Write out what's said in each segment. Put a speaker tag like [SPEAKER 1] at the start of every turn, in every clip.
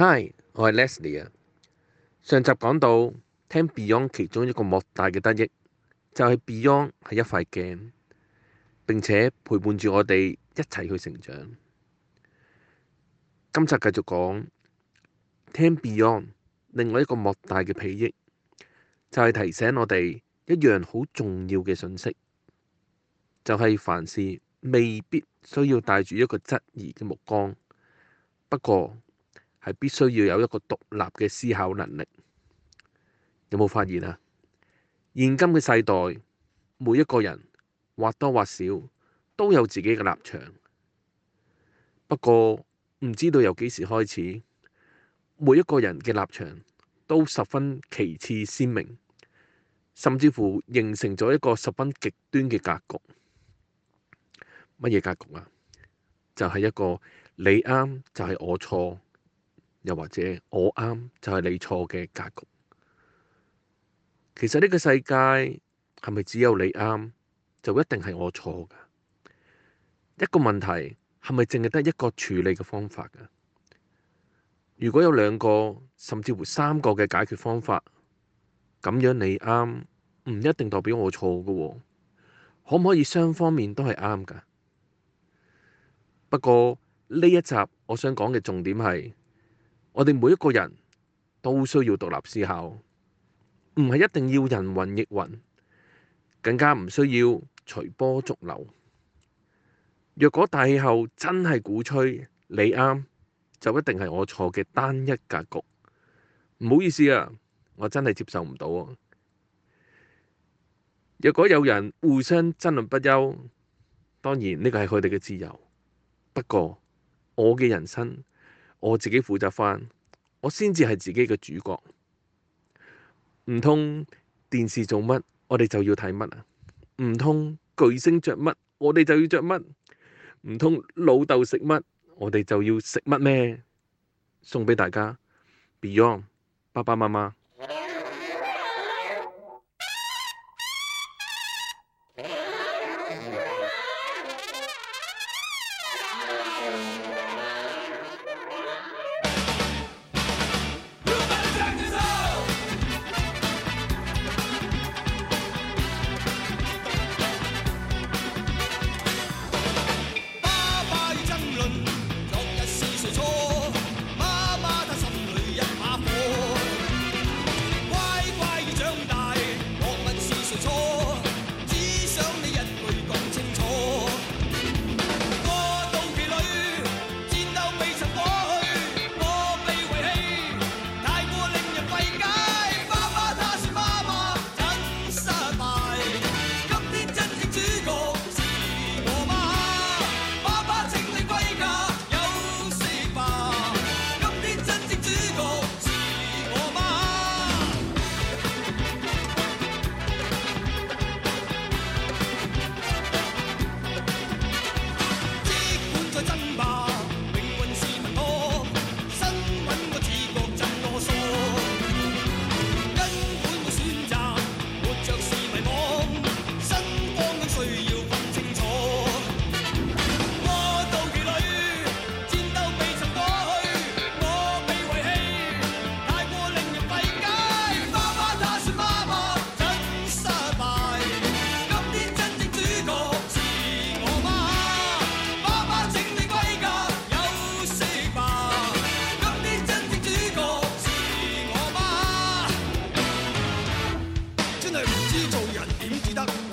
[SPEAKER 1] Hi，我係 Leslie 啊。上集講到聽 Beyond 其中一個莫大嘅得益，就係 Beyond 係一塊鏡，並且陪伴住我哋一齊去成長。今集繼續講聽 Beyond 另外一個莫大嘅裨益，就係提醒我哋一樣好重要嘅信息，就係凡事未必需要帶住一個質疑嘅目光，不過，係必須要有一個獨立嘅思考能力。有冇發現啊？現今嘅世代，每一個人或多或少都有自己嘅立場。不過唔知道由幾時開始，每一個人嘅立場都十分旗幟鮮明，甚至乎形成咗一個十分極端嘅格局。乜嘢格局啊？就係、是、一個你啱，就係我錯。又或者我啱就係你錯嘅格局，其實呢個世界係咪只有你啱就一定係我錯噶？一個問題係咪淨係得一個處理嘅方法噶？如果有兩個甚至乎三個嘅解決方法，咁樣你啱唔一定代表我錯噶，可唔可以雙方面都係啱噶？不過呢一集我想講嘅重點係。我哋每一個人都需要獨立思考，唔係一定要人云亦云，更加唔需要隨波逐流。若果大氣候真係鼓吹你啱，就一定係我錯嘅單一格局。唔好意思啊，我真係接受唔到啊。若果有人互相爭論不休，當然呢個係佢哋嘅自由。不過我嘅人生。我自己負責翻，我先至係自己嘅主角。唔通電視做乜，我哋就要睇乜？唔通巨星着乜，我哋就要着乜？唔通老豆食乜，我哋就要食乜咩？送畀大家 Beyond，爸爸媽媽。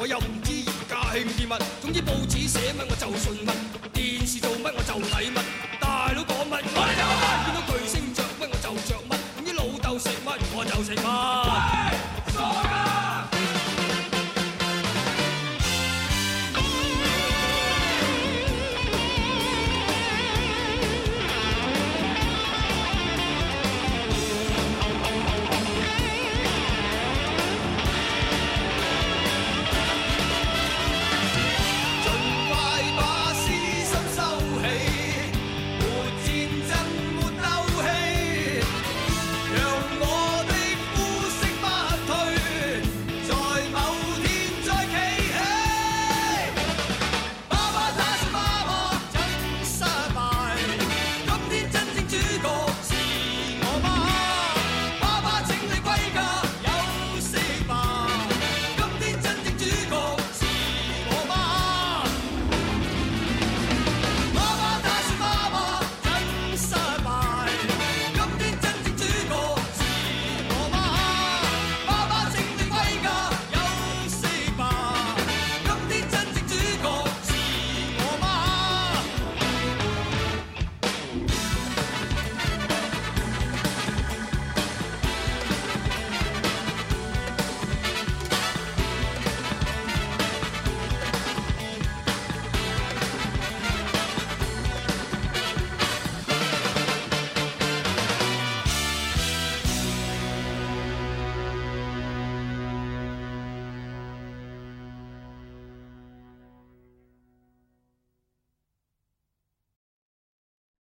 [SPEAKER 2] 我又唔知而家興啲乜，總之報紙寫乜我就信乜，電視做乜我就睇乜，大佬講乜我哋就乜，見到巨星着乜我就着乜，總之老豆食乜我就食乜。